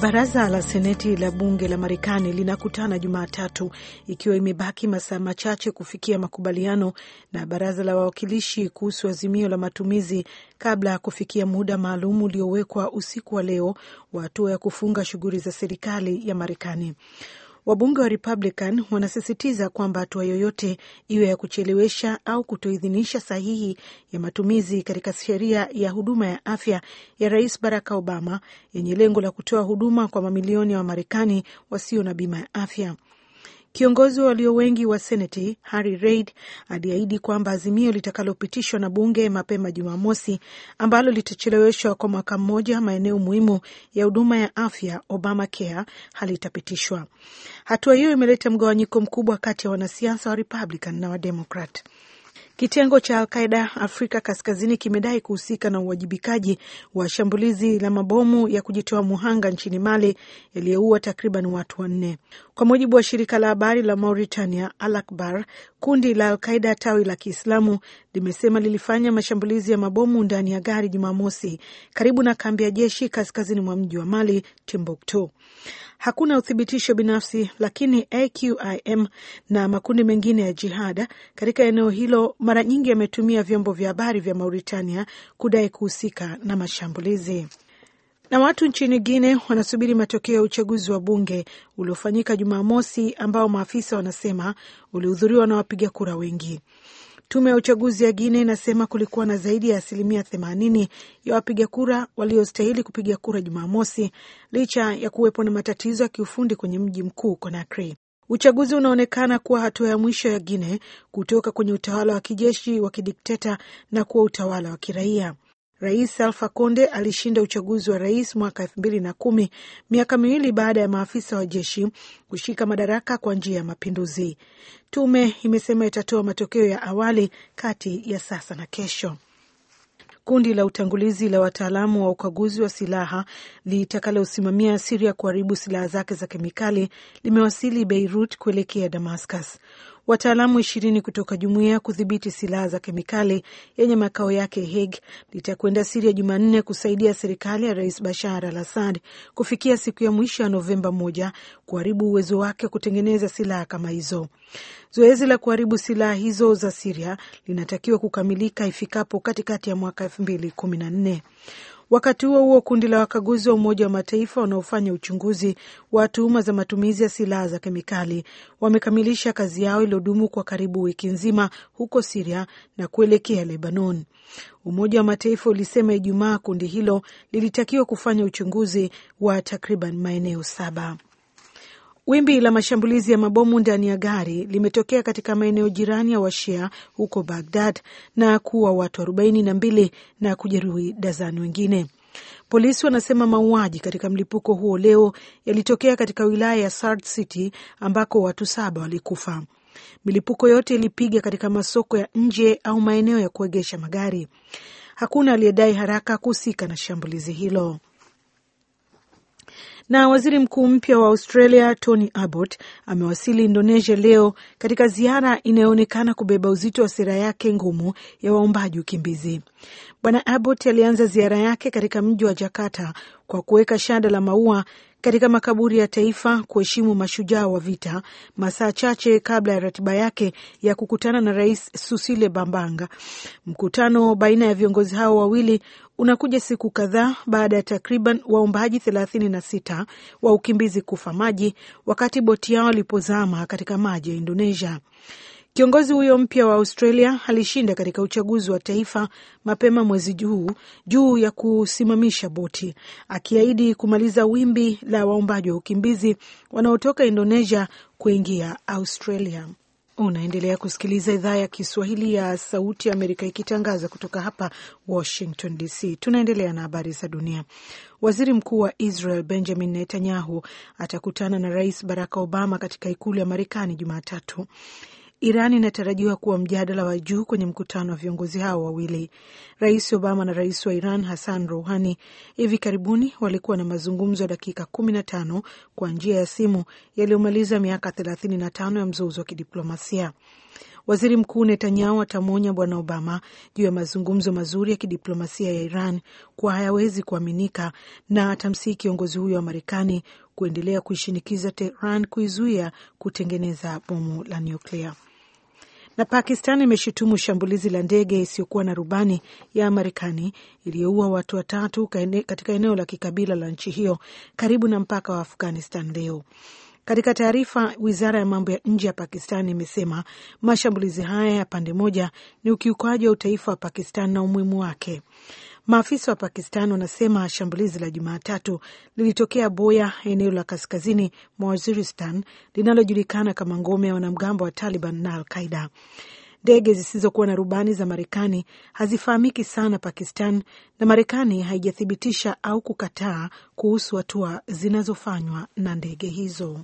Baraza la Seneti la bunge la Marekani linakutana Jumatatu ikiwa imebaki masaa machache kufikia makubaliano na baraza la wawakilishi kuhusu azimio la matumizi kabla ya kufikia muda maalum uliowekwa usiku wa leo wa hatua ya kufunga shughuli za serikali ya Marekani. Wabunge wa Republican wanasisitiza kwamba hatua yoyote iwe ya kuchelewesha au kutoidhinisha sahihi ya matumizi katika sheria ya huduma ya afya ya Rais Barack Obama yenye lengo la kutoa huduma kwa mamilioni ya Wamarekani wasio na bima ya afya Kiongozi wa walio wengi wa Seneti Harry Reid aliahidi kwamba azimio litakalopitishwa na bunge mapema Jumamosi, ambalo litacheleweshwa kwa mwaka mmoja maeneo muhimu ya huduma ya afya obama Obamacare, halitapitishwa. Hatua hiyo imeleta mgawanyiko mkubwa kati ya wanasiasa wa Republican na Wademokrat. Kitengo cha Alqaida Afrika Kaskazini kimedai kuhusika na uwajibikaji wa shambulizi la mabomu ya kujitoa muhanga nchini Mali yaliyoua takriban watu wanne, kwa mujibu wa shirika la habari la Mauritania Alakbar. Kundi la Alqaida tawi la Kiislamu limesema lilifanya mashambulizi ya mabomu ndani ya gari Jumamosi karibu na kambi ya jeshi kaskazini mwa mji wa Mali, Timbuktu. Hakuna uthibitisho binafsi, lakini AQIM na makundi mengine ya jihada katika eneo hilo mara nyingi ametumia vyombo vya habari vya Mauritania kudai kuhusika na mashambulizi. Na watu nchini Guine wanasubiri matokeo ya uchaguzi wa bunge uliofanyika Jumamosi, ambao maafisa wanasema ulihudhuriwa na wapiga kura wengi. Tume ya uchaguzi ya Guine inasema kulikuwa na zaidi ya asilimia themanini ya wapiga kura waliostahili kupiga kura Jumamosi, licha ya kuwepo na matatizo ya kiufundi kwenye mji mkuu Conakry. Uchaguzi unaonekana kuwa hatua ya mwisho ya Guine kutoka kwenye utawala wa kijeshi wa kidikteta na kuwa utawala wa kiraia. Rais Alfa Conde alishinda uchaguzi wa rais mwaka elfu mbili na kumi, miaka miwili baada ya maafisa wa jeshi kushika madaraka kwa njia ya mapinduzi. Tume imesema itatoa matokeo ya awali kati ya sasa na kesho kundi la utangulizi la wataalamu wa ukaguzi wa silaha litakalosimamia Siria kuharibu silaha zake za kemikali limewasili Beirut kuelekea Damascus. Wataalamu ishirini kutoka jumuiya kudhibiti silaha za kemikali yenye makao yake Hague litakwenda Siria Jumanne kusaidia serikali ya Rais Bashar al Assad kufikia siku ya mwisho ya Novemba moja kuharibu uwezo wake wa kutengeneza silaha kama hizo. Zoezi la kuharibu silaha hizo za Siria linatakiwa kukamilika ifikapo katikati ya mwaka elfu mbili kumi na nne. Wakati huo huo, kundi la wakaguzi wa Umoja wa Mataifa wanaofanya uchunguzi wa tuhuma za matumizi ya silaha za kemikali wamekamilisha kazi yao iliyodumu kwa karibu wiki nzima huko Siria na kuelekea Lebanon. Umoja wa Mataifa ulisema Ijumaa kundi hilo lilitakiwa kufanya uchunguzi wa takriban maeneo saba. Wimbi la mashambulizi ya mabomu ndani ya gari limetokea katika maeneo jirani ya Washia huko Bagdad na kuwa watu arobaini na mbili na kujeruhi dazani wengine. Polisi wanasema mauaji katika mlipuko huo leo yalitokea katika wilaya ya Sard City ambako watu saba walikufa. Milipuko yote ilipiga katika masoko ya nje au maeneo ya kuegesha magari. Hakuna aliyedai haraka kuhusika na shambulizi hilo. Na waziri mkuu mpya wa Australia Tony Abbott amewasili Indonesia leo katika ziara inayoonekana kubeba uzito wa sera yake ngumu ya waombaji ukimbizi. Bwana Abbott alianza ziara yake katika mji wa Jakarta kwa kuweka shada la maua katika makaburi ya taifa kuheshimu mashujaa wa vita, masaa chache kabla ya ratiba yake ya kukutana na Rais Susile Bambanga. Mkutano baina ya viongozi hao wawili unakuja siku kadhaa baada ya takriban waombaji sita wa ukimbizi kufa maji wakati boti yao ilipozama katika maji ya Indonesia. Kiongozi huyo mpya wa Australia alishinda katika uchaguzi wa taifa mapema mwezi huu juu ya kusimamisha boti, akiahidi kumaliza wimbi la waombaji wa ukimbizi wanaotoka Indonesia kuingia Australia. Unaendelea kusikiliza idhaa ya Kiswahili ya Sauti ya Amerika ikitangaza kutoka hapa Washington DC. Tunaendelea na habari za dunia. Waziri Mkuu wa Israel Benjamin Netanyahu atakutana na Rais Barack Obama katika ikulu ya Marekani Jumatatu. Iran inatarajiwa kuwa mjadala wa juu kwenye mkutano wa viongozi hao wawili. Rais Obama na rais wa Iran Hassan Rouhani hivi karibuni walikuwa na mazungumzo ya dakika kumi na tano kwa njia ya simu yaliyomaliza miaka thelathini na tano ya mzozo wa kidiplomasia. Waziri Mkuu Netanyahu atamwonya Bwana Obama juu ya mazungumzo mazuri ya kidiplomasia ya Iran kuwa hayawezi kuaminika na atamsihi kiongozi huyo wa Marekani kuendelea kuishinikiza Tehran kuizuia kutengeneza bomu la nyuklia. Na Pakistan imeshutumu shambulizi la ndege isiyokuwa na rubani ya Marekani iliyoua watu watatu katika eneo la kikabila la nchi hiyo karibu na mpaka wa Afghanistan leo. Katika taarifa, wizara ya mambo ya nje ya Pakistan imesema mashambulizi haya ya pande moja ni ukiukaji wa utaifa wa Pakistan na umuhimu wake. Maafisa wa Pakistan wanasema shambulizi la Jumatatu lilitokea Boya, eneo la kaskazini mwa Waziristan linalojulikana kama ngome ya wanamgambo wa Taliban na Alqaida. Ndege zisizokuwa na rubani za Marekani hazifahamiki sana Pakistan, na Marekani haijathibitisha au kukataa kuhusu hatua zinazofanywa na ndege hizo.